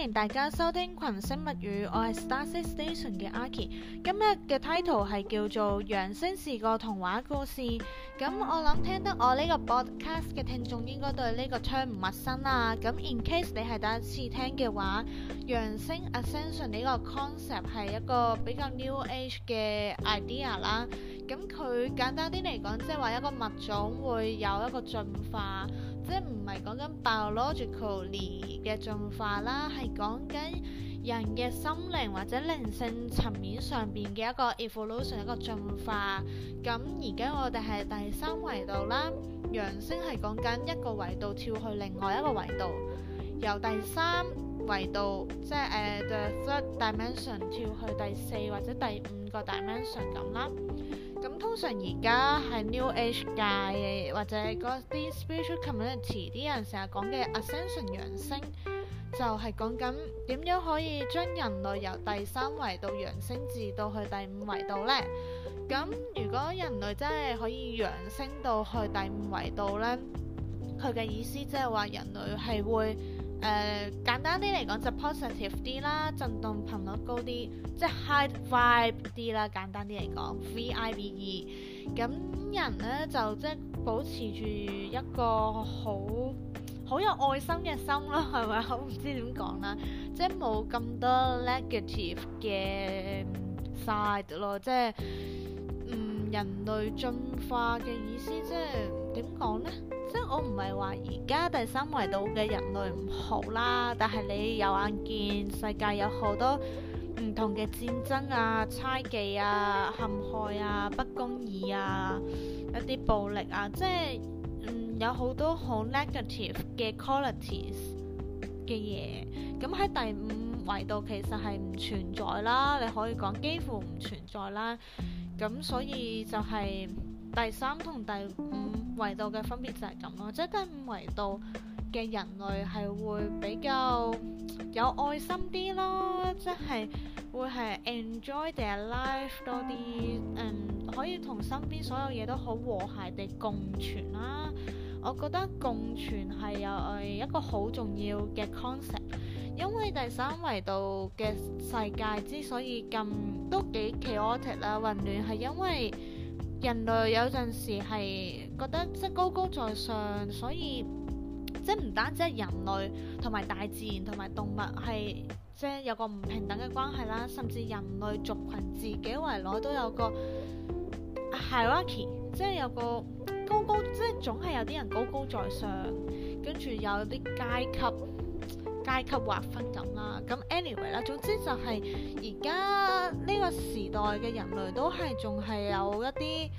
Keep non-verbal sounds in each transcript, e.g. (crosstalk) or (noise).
歡迎大家收聽群星物語，我係 Starship Station 嘅阿 Key，今日嘅 title 係叫做《揚升是個童話故事》。咁我諗聽得我呢個 broadcast 嘅聽眾應該對呢個 term 唔陌生啦。咁 in case 你係第一次聽嘅話，《揚升》（Ascension） 呢個 concept 係一個比較 New Age 嘅 idea 啦。咁佢簡單啲嚟講，即係話一個物種會有一個進化。即係唔係講緊 biological 嘅進化啦，係講緊人嘅心靈或者靈性層面上邊嘅一個 evolution 一個進化。咁而家我哋係第三維度啦，揚昇係講緊一個維度跳去另外一個維度，由第三維度即係、uh, 誒 the third dimension 跳去第四或者第五個 dimension 咁啦。咁通常而家係 New Age 界或者嗰啲 spiritual community 啲人成日講嘅 Ascension 揚升，就係講緊點樣可以將人類由第三維度揚升至到去第五維度咧。咁如果人類真係可以揚升到去第五維度咧，佢嘅意思即係話人類係會。誒、呃、簡單啲嚟講就 positive 啲啦，震動頻率高啲，即係 high vibe 啲啦。簡單啲嚟講，vibe。咁、e. 人咧就即係保持住一個好好有愛心嘅心咯，係咪？ (laughs) 我唔知點講啦，即係冇咁多 negative 嘅 side 咯，即係。人類進化嘅意思即係點講呢？即係我唔係話而家第三維度嘅人類唔好啦，但係你有眼見世界有好多唔同嘅戰爭啊、猜忌啊、陷害啊、不公義啊、一啲暴力啊，即係有好多好 negative 嘅 qualities 嘅嘢。咁喺第五維度其實係唔存在啦，你可以講幾乎唔存在啦。咁所以就係第三同第五維度嘅分別就係咁咯，即係第五維度嘅人類係會比較有愛心啲咯，即係會係 enjoy their life 多啲，um, 可以同身邊所有嘢都好和諧地共存啦。我覺得共存係又係一個好重要嘅 concept。因為第三維度嘅世界之所以咁都幾 chaotic 啦、混亂，係因為人類有陣時係覺得即係高高在上，所以即係唔單止係人類同埋大自然同埋動物係即係有個唔平等嘅關係啦，甚至人類族群自己圍內都有個 Hierarchy，即係有個高高，即係總係有啲人高高在上，跟住有啲階級。階級劃分咁啦，咁 anyway 啦，總之就係而家呢個時代嘅人類都係仲係有一啲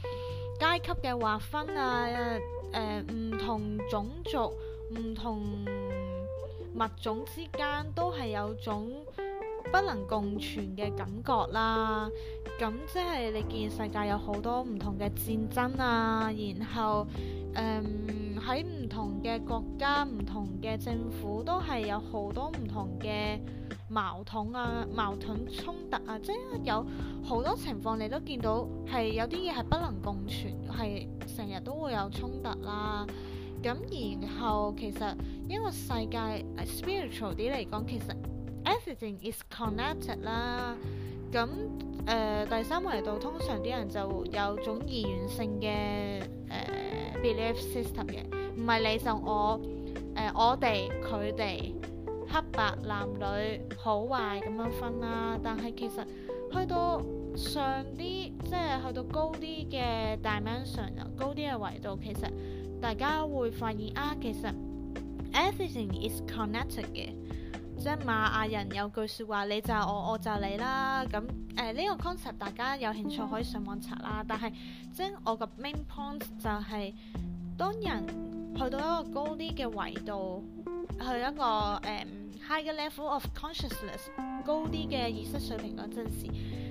階級嘅劃分啊，誒、呃、唔同種族、唔同物種之間都係有種不能共存嘅感覺啦。咁即係你見世界有好多唔同嘅戰爭啊，然後誒、呃喺唔同嘅國家，唔同嘅政府都係有好多唔同嘅矛盾啊、矛盾衝突啊，即係有好多情況，你都見到係有啲嘢係不能共存，係成日都會有衝突啦。咁然後其實因為世界、啊、spiritual 啲嚟講，其實 everything is connected 啦。咁誒、呃，第三維度通常啲人就有種二元性嘅誒。呃 belief system 嘅，唔係，你就我，誒、呃，我哋佢哋，黑白男女好壞咁樣分啦、啊。但係其實去到上啲，即係去到高啲嘅 dimension 啊，高啲嘅維度，其實大家會發現啊，其實 everything is connected 嘅。即係瑪雅人有句説話，你就我，我就你啦。咁誒呢個 concept 大家有興趣可以上網查啦。但係即係我個 main point 就係、是，當人去到一個高啲嘅維度，去一個誒、um, high 嘅 level of consciousness，高啲嘅意識水平嗰陣時。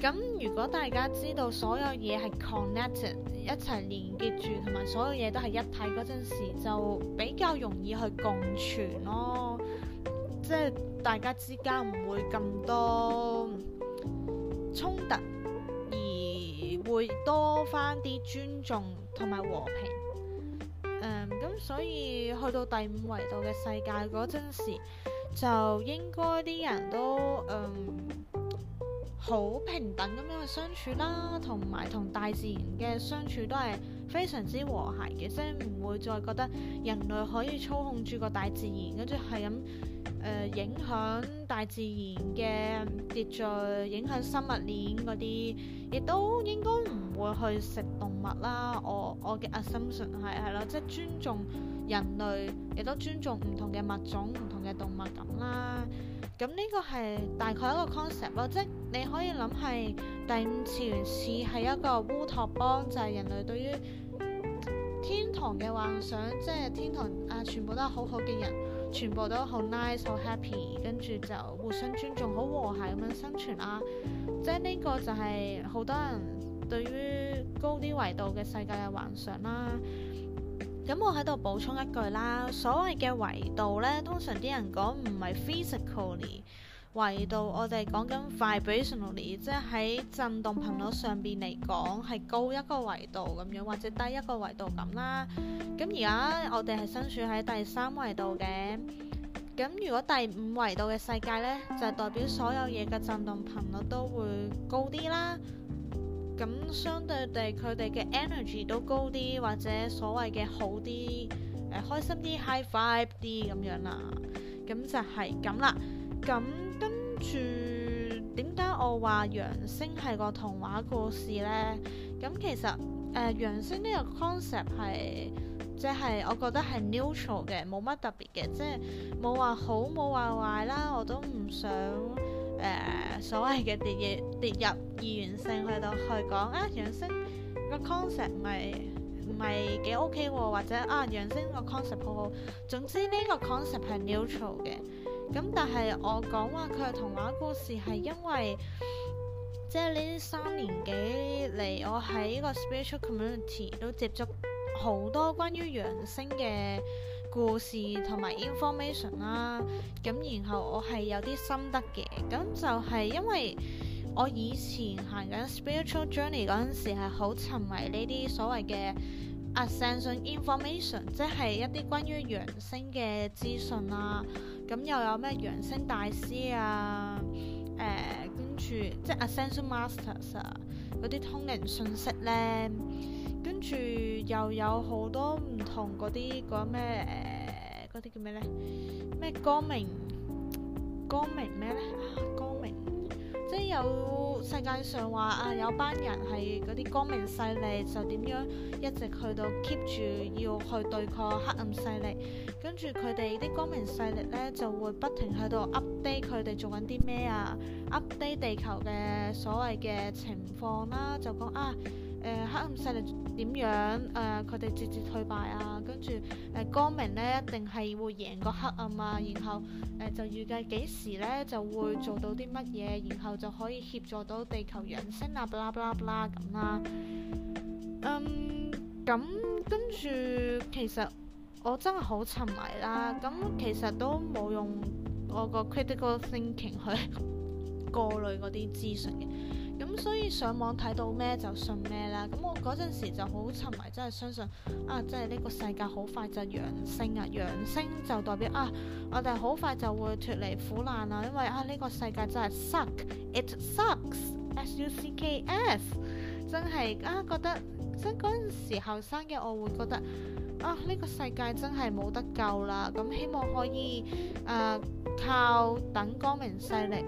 咁如果大家知道所有嘢係 connected 一齊連結住，同埋所有嘢都係一體嗰陣時，就比較容易去共存咯。即係大家之間唔會咁多衝突，而會多返啲尊重同埋和平。嗯，咁所以去到第五維度嘅世界嗰陣時，就應該啲人都嗯，好平等咁樣去相處啦，同埋同大自然嘅相處都係非常之和諧嘅，即係唔會再覺得人類可以操控住個大自然，跟住係咁誒影響大自然嘅秩序，影響生物鏈嗰啲，亦都應該唔會去食動物啦。我我嘅 assumption 係係咯，即係尊重。人類亦都尊重唔同嘅物種、唔同嘅動物咁啦。咁呢個係大概一個 concept 咯，即你可以諗係第五次元是係一個烏托邦，就係、是、人類對於天堂嘅幻想，即係天堂啊，全部都係好好嘅人，全部都好 nice、好 happy，跟住就互相尊重、好和諧咁樣生存啦、啊。即係呢個就係好多人對於高啲維度嘅世界嘅幻想啦。咁我喺度補充一句啦，所謂嘅維度呢，通常啲人講唔係 physically 維度，我哋講緊 vibrationally 即係喺振動頻率上邊嚟講，係高一個維度咁樣，或者低一個維度咁啦。咁而家我哋係身處喺第三維度嘅，咁如果第五維度嘅世界呢，就係、是、代表所有嘢嘅振動頻率都會高啲啦。咁相對地，佢哋嘅 energy 都高啲，或者所謂嘅好啲、誒、呃、開心啲、high vibe 啲咁樣啦。咁就係咁啦。咁跟住點解我話「揚昇」係個童話故事呢？咁其實誒、呃、「揚昇」呢個 concept 係，即係我覺得係 neutral 嘅，冇乜特別嘅，即係冇話好冇話壞啦，我都唔想。誒、呃、所謂嘅跌入跌入二元性去到去講啊，揚昇個 concept 唔係唔係幾 OK 或者啊，揚昇個 concept 好好。總之呢個 concept 係 neutral 嘅。咁但係我講話佢係童話故事係因為，即係呢三年幾嚟，我喺個 spiritual community 都接觸好多關於揚昇嘅。故事同埋 information 啦，咁然後我係有啲心得嘅，咁就係因為我以前行緊 spiritual journey 嗰陣時係好沉迷呢啲所謂嘅 ascension information，即係一啲關於揚昇嘅資訊啦，咁又有咩揚昇大師啊，誒、呃、跟住即係 ascension masters 嗰、啊、啲通靈信息咧，跟住又有好多唔同嗰啲嗰咩。嗰啲叫咩咧？咩光明？光明咩咧、啊？光明，即係有世界上話啊，有班人係啲光明勢力，就點樣一直去到 keep 住要去對抗黑暗勢力，跟住佢哋啲光明勢力咧就會不停喺度 update 佢哋做緊啲咩啊，update 地球嘅所謂嘅情況啦、啊，就講啊，誒、呃、黑暗勢力點樣誒，佢哋節節退敗啊！住誒、呃、光明呢，一定係會贏過黑暗啊！然後誒、呃、就預計幾時呢，就會做到啲乜嘢，然後就可以協助到地球人揚昇啊！bla bla bla 咁啦。嗯，咁跟住其實我真係好沉迷啦。咁其實都冇用我個 critical thinking 去過濾嗰啲資訊嘅。咁所以上網睇到咩就信咩啦。咁我嗰陣時就好沉迷，真係相信啊，即係呢個世界好快就揚昇啊！揚昇就代表啊，我哋好快就會脫離苦難啦。因為啊，呢、這個世界真係 suck，it sucks，s u c k s，真係啊，覺得即嗰陣時後生嘅我會覺得啊，呢、這個世界真係冇得救啦。咁、嗯、希望可以啊、呃、靠等光明勢力。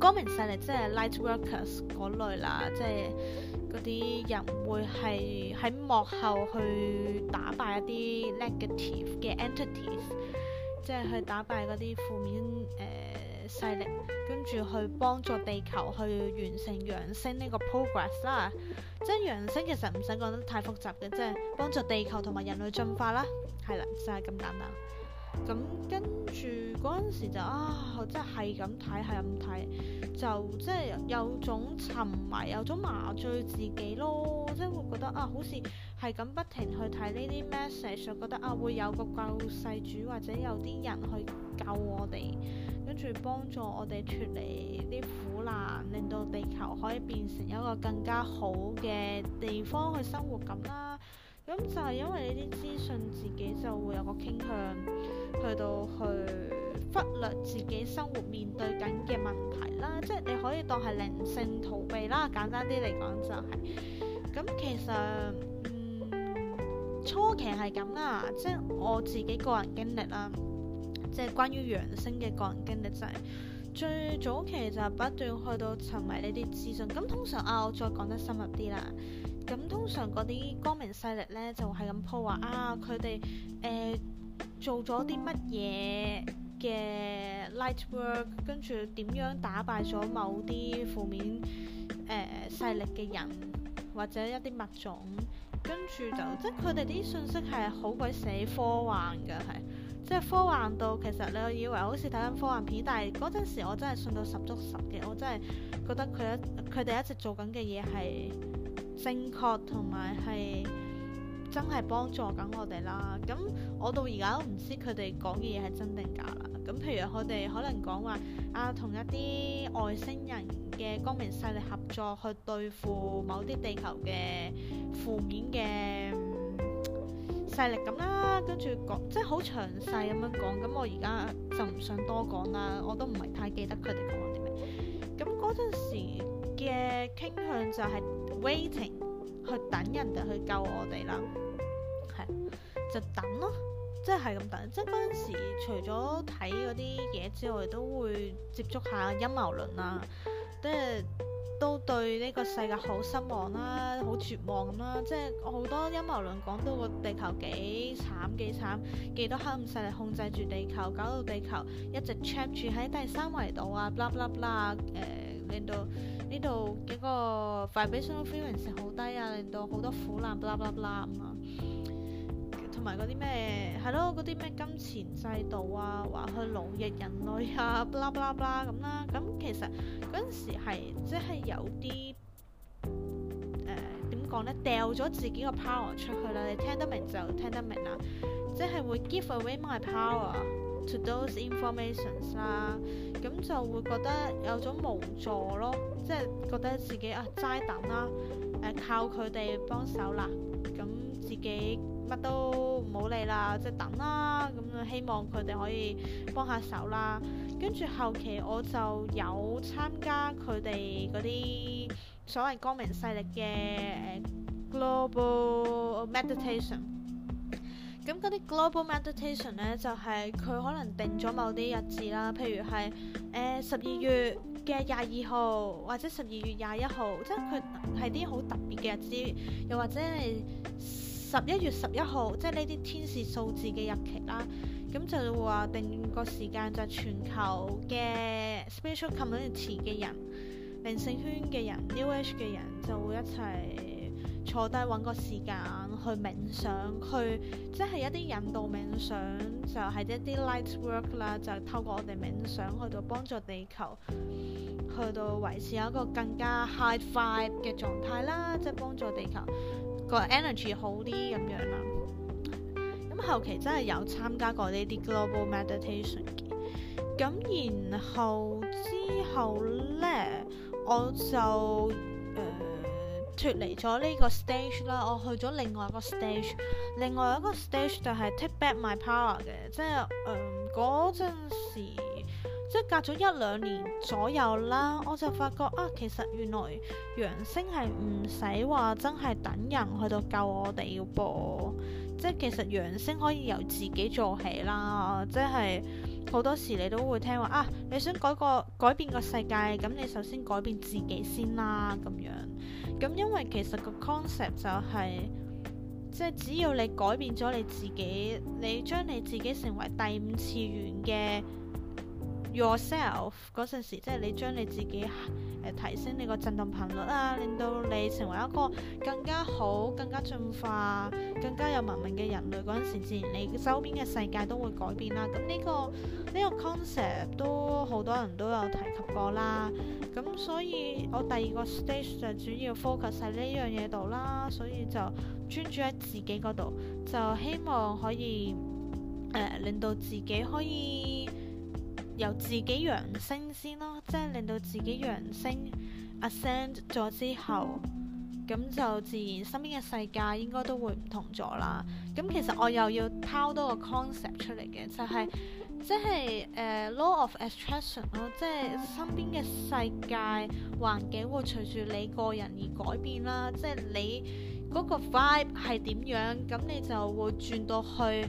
光明勢力即係 light workers 嗰類啦，即係嗰啲人會係喺幕後去打敗一啲 negative 嘅 entities，即係去打敗嗰啲負面誒、呃、勢力，跟住去幫助地球去完成揚升呢個 progress 啦。即係揚升其實唔使講得太複雜嘅，即係幫助地球同埋人類進化啦。係啦，就係、是、咁簡單。咁跟住嗰陣時就啊，即係咁睇係咁睇，就即係有種沉迷，有種麻醉自己咯，即係會覺得啊，好似係咁不停去睇呢啲 message，覺得啊會有個救世主或者有啲人去救我哋，跟住幫助我哋脫離啲苦難，令到地球可以變成一個更加好嘅地方去生活咁啦。咁就係因為呢啲資訊，自己就會有個傾向去到去忽略自己生活面對緊嘅問題啦。即係你可以當係靈性逃避啦。簡單啲嚟講就係，咁其實嗯初期係咁啦。即係我自己個人經歷啦，即係關於揚昇嘅個人經歷就係最早期就不斷去到沉迷呢啲資訊。咁通常啊，我再講得深入啲啦。咁通常嗰啲光明勢力咧就係咁鋪話啊！佢哋誒做咗啲乜嘢嘅 light work，跟住點樣打敗咗某啲負面誒、呃、勢力嘅人或者一啲物種，跟住就即係佢哋啲信息係好鬼死科幻嘅，係即係科幻到其實你以為好似睇緊科幻片，但係嗰陣時我真係信到十足十嘅，我真係覺得佢一佢哋一直做緊嘅嘢係。正確同埋係真係幫助緊我哋啦。咁我到而家都唔知佢哋講嘅嘢係真定假啦。咁譬如佢哋可能講話啊同一啲外星人嘅光明勢力合作，去對付某啲地球嘅負面嘅、嗯、勢力咁啦。跟住講即係好詳細咁樣講。咁我而家就唔想多講啦。我都唔係太記得佢哋講啲咩。咁嗰陣時嘅傾向就係、是 waiting 去等人哋去救我哋啦，就等咯，即係咁等。即係嗰陣時，除咗睇嗰啲嘢之外，都會接觸下陰謀論啦，即係都對呢個世界好失望啦、啊，好絕望咁、啊、啦。即係好多陰謀論講到個地球幾慘幾慘，幾多黑暗勢力控制住地球，搞到地球一直 trap 住喺第三維度啊！blablabla 誒。Blah blah blah，呃令到呢度幾個 vibrational feelings 好低啊，令到好多苦難 bla bla bla 咁啊，同埋嗰啲咩係咯，嗰啲咩金錢制度啊，話去奴役人類啊 bla bla bla 咁啦。咁、啊、其實嗰陣時係即係有啲誒點講咧，掉、呃、咗自己個 power 出去啦。你聽得明就聽得明啦、啊，即、就、係、是、會 give away my power。To those informations 啦、uh, uh, uh, uh, uh, uh, uh, uh，咁就會覺得有種無助咯，即係覺得自己啊齋等啦，誒靠佢哋幫手啦，咁自己乜都唔好理啦，即係等啦，咁希望佢哋可以幫下手啦。跟住後期我就有參加佢哋嗰啲所謂光明勢力嘅誒 global meditation。咁嗰啲 global meditation 咧，就係、是、佢可能定咗某啲日子啦，譬如係誒十二月嘅廿二號或者十二月廿一號，即係佢係啲好特別嘅日子，又或者係十一月十一號，即係呢啲天使數字嘅日期啦。咁就話定個時間就係、是、全球嘅 spiritual community 嘅人、靈性圈嘅人、new age 嘅人就會一齊。坐低揾個時間去冥想，去即係一啲引導冥想，就係、是、一啲 light work 啦，就是、透過我哋冥想去到幫助地球，去到維持一個更加 high vibe 嘅狀態啦，即係幫助地球個 energy 好啲咁樣啦。咁、啊、後期真係有參加過呢啲 global meditation 嘅。咁然後之後呢，我就。脫離咗呢個 stage 啦，我去咗另外一個 stage，另外一個 stage 就係 take back my power 嘅，即係嗯嗰陣時，即係隔咗一兩年左右啦，我就發覺啊，其實原來揚昇係唔使話真係等人去到救我哋嘅噃，即係其實揚昇可以由自己做起啦，即係。好多時你都會聽話啊，你想改個改變個世界，咁你首先改變自己先啦。咁樣咁，因為其實個 concept 就係即係只要你改變咗你自己，你將你自己成為第五次元嘅。yourself 嗰陣時，即係你將你自己誒、呃、提升你個振動頻率啊，令到你成為一個更加好、更加進化、更加有文明嘅人類嗰陣時，自然你周邊嘅世界都會改變啦。咁呢個呢個 concept 都好多人都有提及過啦。咁所以我第二個 stage 就主要 focus 喺呢樣嘢度啦，所以就專注喺自己嗰度，就希望可以誒、呃、令到自己可以。由自己揚升先咯，即係令到自己揚升 (noise) ascend 咗之後，咁就自然身邊嘅世界應該都會唔同咗啦。咁其實我又要拋多個 concept 出嚟嘅，就係即係誒 law of attraction 咯，即係身邊嘅世界環境會隨住你個人而改變啦。即係你嗰個 vibe 係點樣，咁你就會轉到去。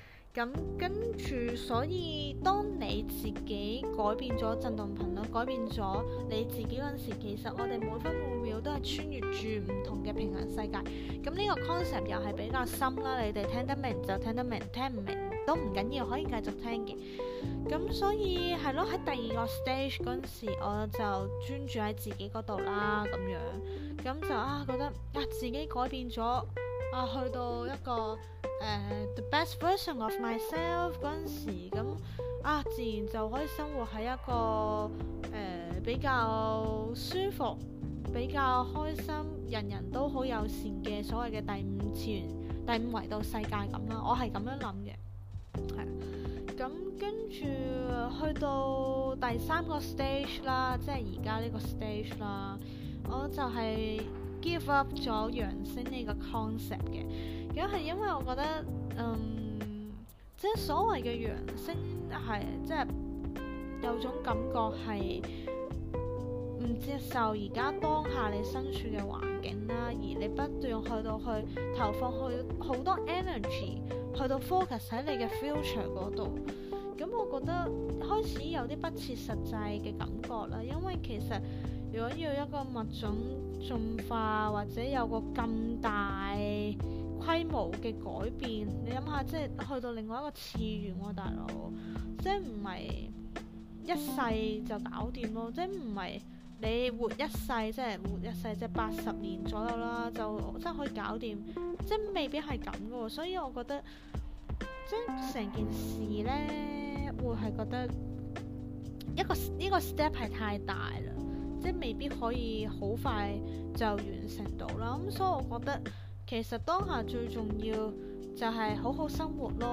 咁跟住，所以當你自己改變咗振動頻率，改變咗你自己嗰陣時，其實我哋每分每秒都係穿越住唔同嘅平行世界。咁呢個 concept 又係比較深啦，你哋聽得明就聽得明，聽唔明都唔緊要，可以繼續聽嘅。咁所以係咯，喺第二個 stage 嗰陣時，我就專注喺自己嗰度啦，咁樣咁就啊覺得啊自己改變咗。啊，去到一個誒、呃、the best version of myself 嗰陣時，咁啊，自然就可以生活喺一個誒、呃、比較舒服、比較開心、人人都好友善嘅所謂嘅第五次元、第五維度世界咁啦。我係咁樣諗嘅，係。咁跟住去到第三個 stage 啦，即係而家呢個 stage 啦，我就係、是。Give up 咗揚昇呢個 concept 嘅，咁係因為我覺得，嗯，即係所謂嘅揚昇係即係有種感覺係唔接受而家當下你身處嘅環境啦，而你不斷去到去投放去好多 energy，去到 focus 喺你嘅 future 嗰度，咁我覺得開始有啲不切實際嘅感覺啦，因為其實。如果要一個物種進化，或者有個咁大規模嘅改變，你諗下，即係去到另外一個次元喎，啊，大佬，即係唔係一世就搞掂咯？即係唔係你活一世，即係活一世，即係八十年左右啦，就真係可以搞掂，即係未必係咁嘅喎。所以我覺得，即係成件事呢，會係覺得一個呢個 step 係太大啦。即未必可以好快就完成到啦，咁所以我覺得其實當下最重要就係好好生活咯。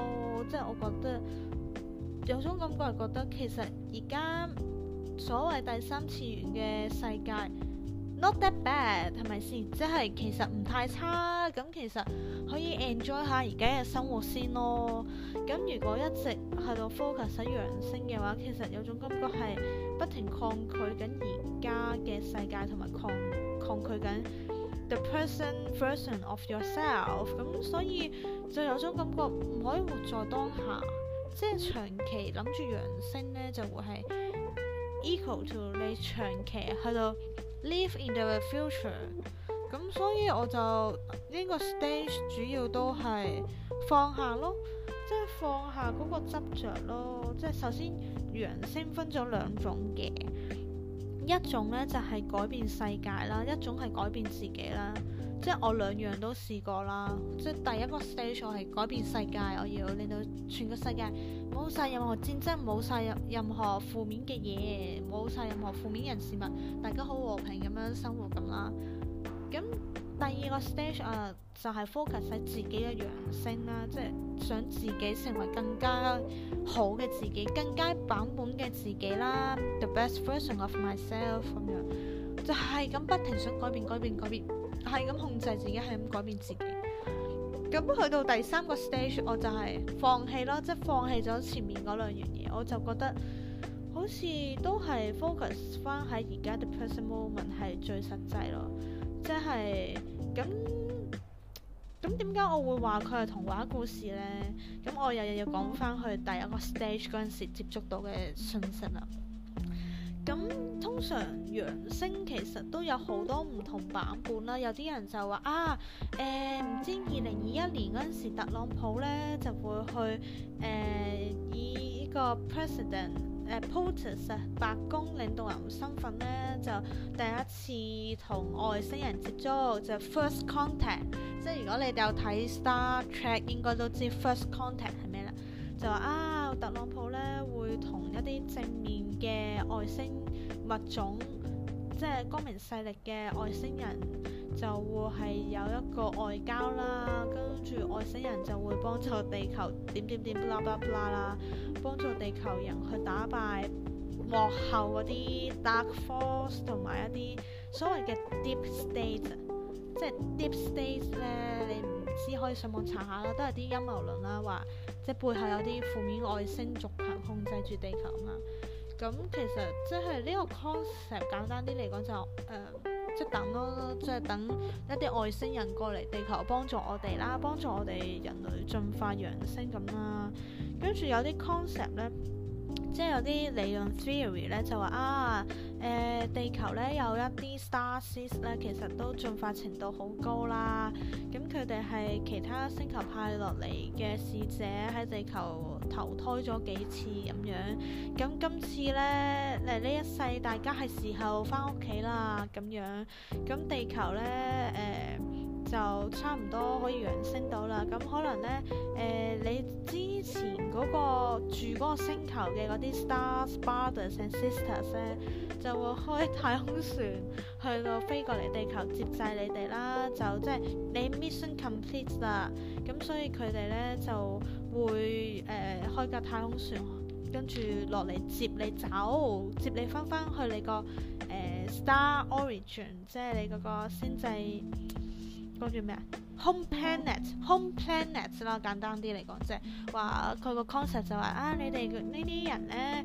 即係我覺得有種感覺係覺得其實而家所謂第三次元嘅世界，not that bad 係咪先？即係其實唔太差，咁其實可以 enjoy 下而家嘅生活先咯。咁如果一直喺度 focus 喺揚昇嘅話，其實有種感覺係。不停抗拒緊而家嘅世界，同埋抗抗拒緊 the person version of yourself。咁所以就有種感覺唔可以活在當下，即係長期諗住揚昇咧，就會係 equal to 你長期喺度、就是、live in the future。咁所以我就呢、這個 stage 主要都係放下咯。即係放下嗰個執著咯，即係首先，揚昇分咗兩種嘅，一種呢就係、是、改變世界啦，一種係改變自己啦。即係我兩樣都試過啦。即係第一個 stage 我係改變世界，我要令到全個世界冇晒任何戰爭，冇晒任何負面嘅嘢，冇晒任何負面人事物，大家好和平咁樣生活咁啦。咁第二個 stage 啊、uh，就係 focus 喺自己嘅揚昇啦，即係想自己成為更加好嘅自己，更加版本嘅自己啦，the best version of myself 咁樣，就係咁不停想改變、改變、改變，係咁控制自己，係咁改變自己。咁去到第三個 stage，我就係放棄咯，即、就、係、是、放棄咗前面嗰兩樣嘢，我就覺得好似都係 focus 翻喺而家嘅 present moment 係最實際咯。即係咁咁，點解我會話佢係童話故事呢？咁我又又要講翻去第一個 stage 嗰陣時接觸到嘅信息啦。咁通常揚昇其實都有好多唔同版本啦。有啲人就話啊，誒、呃、唔知二零二一年嗰陣時，特朗普呢，就會去誒、呃、以呢個 president。誒、uh, POTUS、uh, 白宮領導人身份咧，就第一次同外星人接觸就係、first contact。即係如果你哋有睇 Star Trek，應該都知 first contact 係咩啦。就話啊，特朗普咧會同一啲正面嘅外星物種。即係光明勢力嘅外星人就會係有一個外交啦，跟住，外星人就會幫助地球點點點 bla bla bla 啦，幫助地球人去打敗幕後啲 dark force 同埋一啲所謂嘅 deep state，即係 deep state 咧，你唔知可以上網查下啦，都係啲陰謀論啦，話即係背後有啲負面外星族群控制住地球啊嘛。咁其實即係呢個 concept 簡單啲嚟講就誒、是，即、呃、等咯，即、就、係、是、等一啲外星人過嚟地球幫助我哋啦，幫助我哋人類進化揚昇咁啦，跟住有啲 concept 呢。即係有啲理論 theory 咧，就話啊，誒、呃、地球咧有一啲 star seeds 咧，其實都進化程度好高啦。咁佢哋係其他星球派落嚟嘅使者，喺地球投胎咗幾次咁樣。咁今次咧，誒呢一世大家係時候返屋企啦。咁樣。咁地球咧誒、呃就差唔多可以揚昇到啦。咁可能呢，誒、呃、你之前嗰個住嗰個星球嘅嗰啲 stars brothers and sisters 呢，就會開太空船去到飛過嚟地球接濟你哋啦。就即係、就是、你 mission complete 啦。咁所以佢哋呢，就會誒、呃、開架太空船，跟住落嚟接你走，接你翻返去你個、呃、star origin，即係你嗰個先制。嗰個叫咩啊？Home planet，Home planet 先咯，簡單啲嚟講啫。話佢個 concept 就係、是就是、啊，你哋呢啲人咧，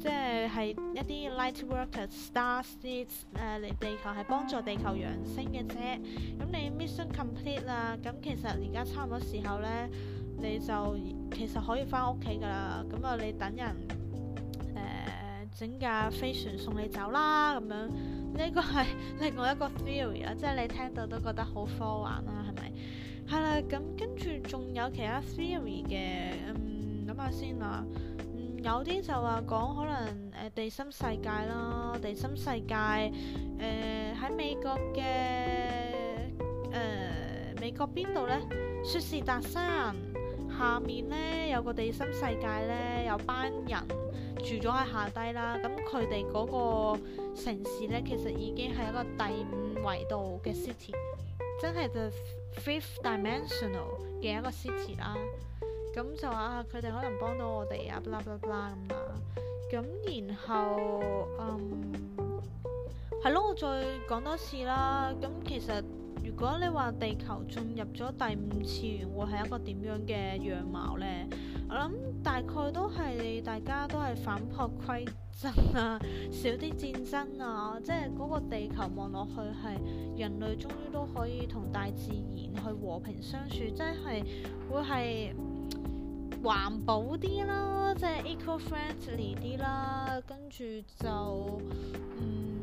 即係係一啲 light workers、star seeds 嚟地球係幫助地球揚升嘅啫。咁你 mission complete 啦，咁其實而家差唔多時候咧，你就其實可以翻屋企㗎啦。咁啊，你等人誒、呃、整架飛船送你走啦，咁樣。呢個係另外一個 theory 啦，即係你聽到都覺得好科幻啦，係咪？係啦，咁跟住仲有其他 theory 嘅，嗯，諗下先啦。嗯，有啲就話講可能誒地心世界啦，地心世界誒喺、呃、美國嘅誒、呃、美國邊度呢？雪士達山下面呢，有個地心世界呢，有班人。住咗喺下低啦，咁佢哋嗰個城市呢，其實已經係一個第五維度嘅 city，真係就 fifth dimensional 嘅一個 city 啦。咁就話啊，佢哋可能幫到我哋啊 bla bla bla 咁啦。咁然後嗯，係咯，我再講多次啦。咁其實。如果你話地球進入咗第五次元，會係一個點樣嘅樣貌呢？我諗大概都係大家都係反璞歸真啊，少啲戰爭啊，即係嗰個地球望落去係人類終於都可以同大自然去和平相處，即係會係環保啲啦，即係 eco friendly 啲啦，跟住就，嗯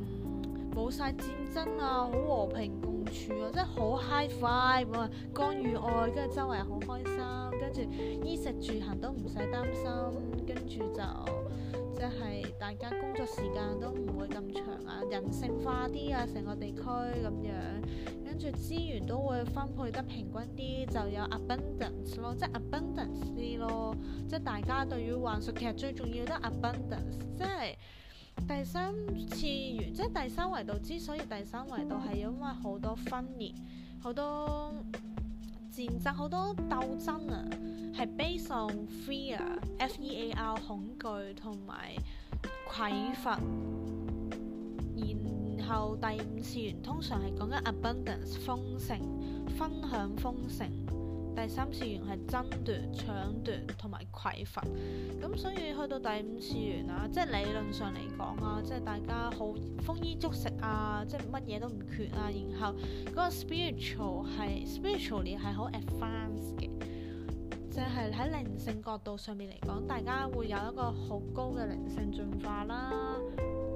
冇晒戰爭啊，好和平共處啊，真係好 high vibe 啊。光與愛，跟住周圍好開心，跟住衣食住行都唔使擔心，跟住就即係、就是、大家工作時間都唔會咁長啊，人性化啲啊，成個地區咁樣，跟住資源都會分配得平均啲，就有 abundance 咯，即係 abundance 啲咯，即係大家對於幻述其實最重要都係 abundance，即係。第三次元即係第三維度，之所以第三維度係因為好多分裂、好多戰爭，好多鬥爭啊，係 based on fear f、f e a r 恐懼同埋匱乏。然後第五次元通常係講緊 abundance 豐盛、分享豐盛。第三次元係爭奪、搶奪同埋匱乏，咁所以去到第五次元啊，即係理論上嚟講啊，即係大家好豐衣足食啊，即係乜嘢都唔缺啊，然後嗰個 spiritual 係 spiritually 係好 advanced 嘅，即係喺靈性角度上面嚟講，大家會有一個好高嘅靈性進化啦，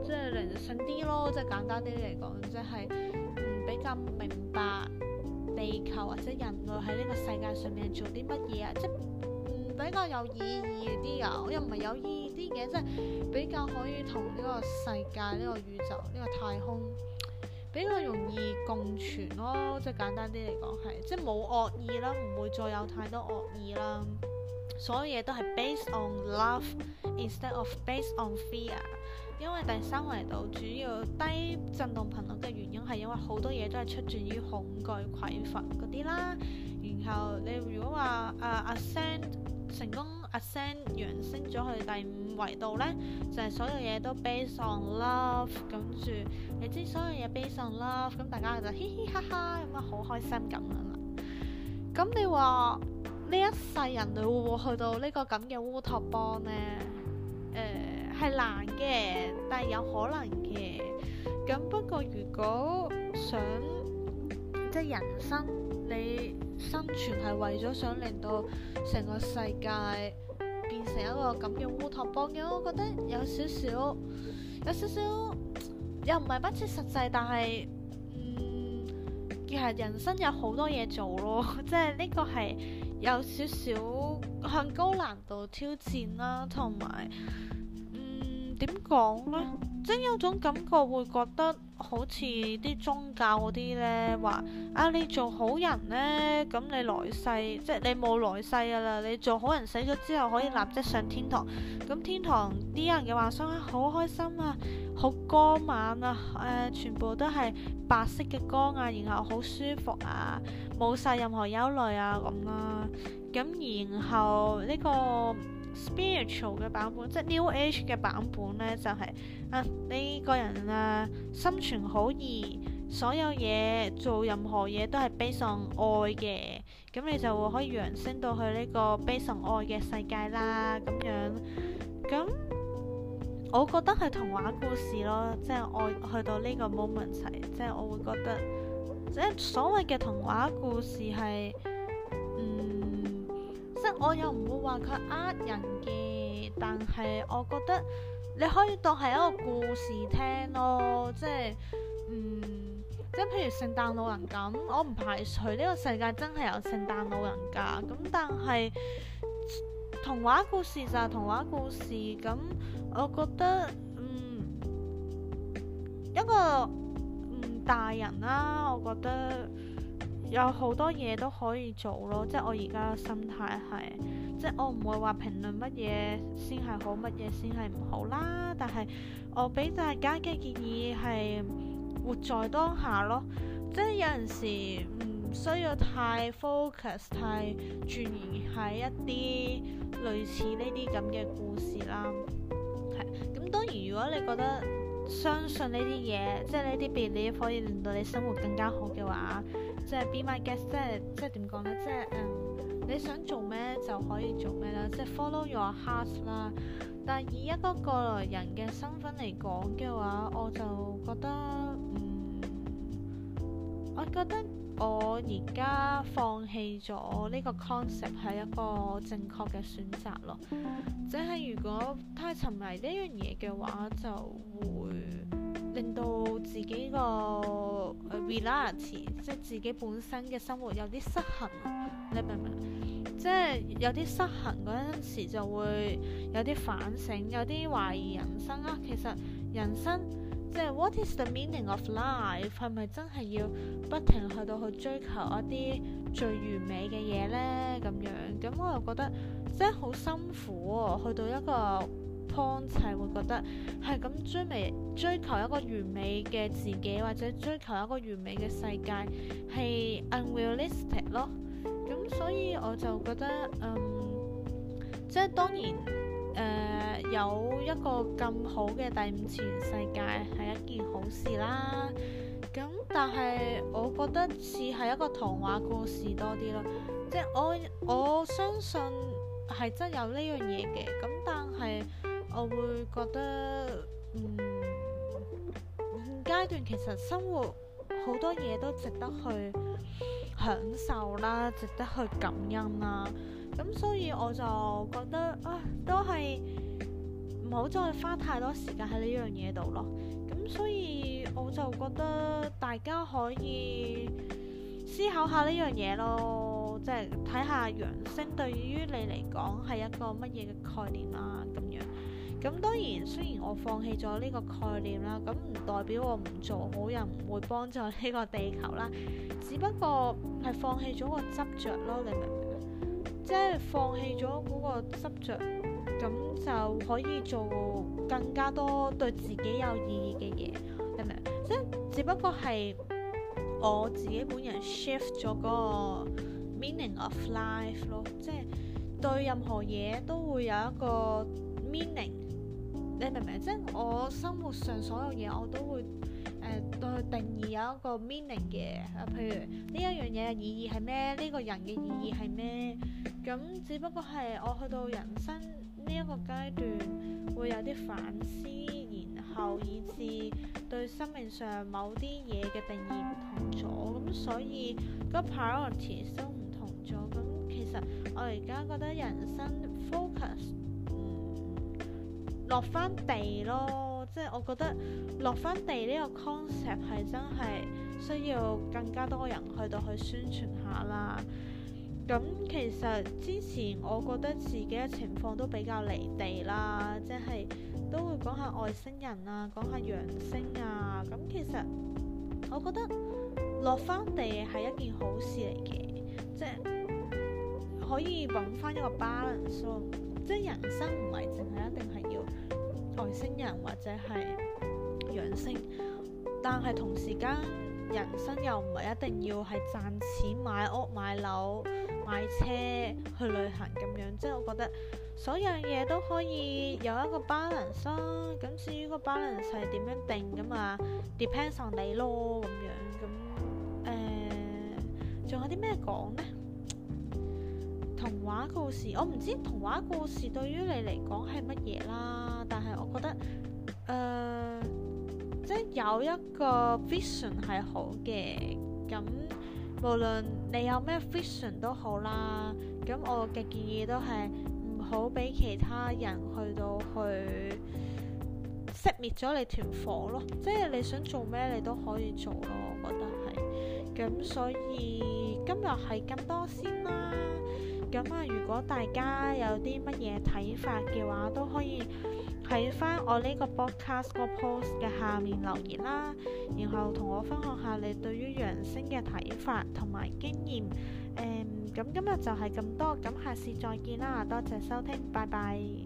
即係靈性啲咯，即係簡單啲嚟講，即係比較明白。地球或者人類喺呢個世界上面做啲乜嘢啊？即比較有意義啲啊，我又唔係有意義啲嘅，即係比較可以同呢個世界、呢個宇宙、呢個太空比較容易共存咯。即係簡單啲嚟講，係即係冇惡意啦，唔會再有太多惡意啦。所有嘢都係 base on love instead of base on fear。因為第三維度主要低震動頻率嘅原因，係因為好多嘢都係出自於恐懼、匱乏嗰啲啦。然後你如果話誒、uh, ascend 成功 ascend 揚升咗去第五維度呢，就係、是、所有嘢都 based on love，跟住你知，所有嘢 based on love，咁大家就嘻嘻哈哈，咁啊好開心咁啦。咁你話呢一世人你會唔會去到呢個咁嘅烏托邦呢？誒、呃。係難嘅，但係有可能嘅。咁不過，如果想，即係人生，你生存係為咗想令到成個世界變成一個咁嘅烏托邦嘅，我覺得有少少，有少少又唔係不切實際，但係，嗯，其實人生有好多嘢做咯，即係呢個係有少少向高難度挑戰啦，同埋。點講呢？真有種感覺會覺得好似啲宗教嗰啲呢，話啊你做好人呢，咁你來世即係你冇來世噶啦，你做好人死咗之後可以立即上天堂。咁天堂啲人嘅話，生得好開心啊，好光猛啊，誒、呃，全部都係白色嘅光啊，然後好舒服啊，冇晒任何憂慮啊咁啦。咁、啊、然後呢個。Spiritual 嘅版本，即係 new age 嘅版本呢，就係啊你個人啊心存好意，所有嘢做任何嘢都係 based on 愛嘅，咁你就會可以揚昇到去呢個 based on 愛嘅世界啦，咁樣咁，我覺得係童話故事咯，即係我去到呢個 moment 即係我會覺得，即係所謂嘅童話故事係，嗯。即我又唔會話佢呃人嘅，但係我覺得你可以當係一個故事聽咯，即係嗯，即係譬如聖誕老人咁，我唔排除呢個世界真係有聖誕老人㗎，咁但係童話故事就係童話故事，咁我覺得嗯一個嗯大人啦、啊，我覺得。有好多嘢都可以做咯，即係我而家心態係，即係我唔會話評論乜嘢先係好，乜嘢先係唔好啦。但係我俾大家嘅建議係活在當下咯，即係有陣時唔需要太 focus，太轉移喺一啲類似呢啲咁嘅故事啦。咁，當然如果你覺得相信呢啲嘢，即係呢啲 belief 可以令到你生活更加好嘅話，即係 be my guest，即係即係點講呢？即係、嗯、你想做咩就可以做咩啦，即係 follow your heart 啦。但係以一個過來人嘅身份嚟講嘅話，我就覺得，嗯，我覺得我而家放棄咗呢個 concept 係一個正確嘅選擇咯。即係如果太沉迷呢樣嘢嘅話，就會，令到自己個 reality 即係自己本身嘅生活有啲失衡，你明唔明？即係有啲失衡嗰陣時就會有啲反省，有啲懷疑人生啊。其實人生即係 what is the meaning of life 係咪真係要不停去到去追求一啲最完美嘅嘢呢？咁樣咁我又覺得即係好辛苦喎、哦，去到一個。幫襯會覺得係咁追迷追求一個完美嘅自己，或者追求一個完美嘅世界係 unrealistic 咯。咁所以我就覺得，嗯，即係當然誒、呃、有一個咁好嘅第五次元世界係一件好事啦。咁但係我覺得似係一個童話故事多啲咯。即係我我相信係真有呢樣嘢嘅，咁但係。我會覺得，嗯，現階段其實生活好多嘢都值得去享受啦，值得去感恩啦。咁所以我就覺得啊，都係唔好再花太多時間喺呢樣嘢度咯。咁所以我就覺得大家可以思考下呢樣嘢咯，即係睇下揚昇對於你嚟講係一個乜嘢嘅概念啦，啊，咁樣。咁當然，雖然我放棄咗呢個概念啦，咁唔代表我唔做好人，唔會幫助呢個地球啦。只不過係放棄咗個執着咯，你明唔明？即係放棄咗嗰個執著，咁就可以做更加多對自己有意義嘅嘢，你明唔明？即係只不過係我自己本人 shift 咗嗰個 meaning of life 咯，即係對任何嘢都會有一個 meaning。你明唔明？即係我生活上所有嘢我都會誒對佢定義有一個 meaning 嘅。譬如呢一樣嘢嘅意義係咩？呢個人嘅意義係咩？咁只不過係我去到人生呢一個階段會有啲反思，然後以致對生命上某啲嘢嘅定義唔同咗。咁所以個 priority 都唔同咗。咁其實我而家覺得人生 focus。落翻地咯，即係我覺得落翻地呢個 concept 係真係需要更加多人去到去宣傳下啦。咁、嗯、其實之前我覺得自己嘅情況都比較離地啦，即係都會講下外星人啊，講下揚昇啊。咁、嗯、其實我覺得落翻地係一件好事嚟嘅，即係可以揾翻一個 balance，即係人生唔係淨係一定係星人或者係揚昇，但係同時間人生又唔係一定要係賺錢買屋、買樓、買車去旅行咁樣，即係我覺得所有嘢都可以有一個 balance，啊。咁至於個 balance 係點樣定噶嘛，depend on 你咯，咁樣咁，誒，仲、呃、有啲咩講呢？童話故事，我唔知童話故事對於你嚟講係乜嘢啦。但係我覺得，誒、呃，即係有一個 vision 係好嘅。咁無論你有咩 vision 都好啦。咁我嘅建議都係唔好俾其他人去到去熄滅咗你團火咯。即係你想做咩，你都可以做咯。我覺得係咁，所以今日係咁多先啦。咁啊！如果大家有啲乜嘢睇法嘅話，都可以喺翻我呢個 Podcast 個 post 嘅下面留言啦，然後同我分享下你對於揚昇嘅睇法同埋經驗。誒、嗯，咁今日就係咁多，咁下次再見啦！多謝收聽，拜拜。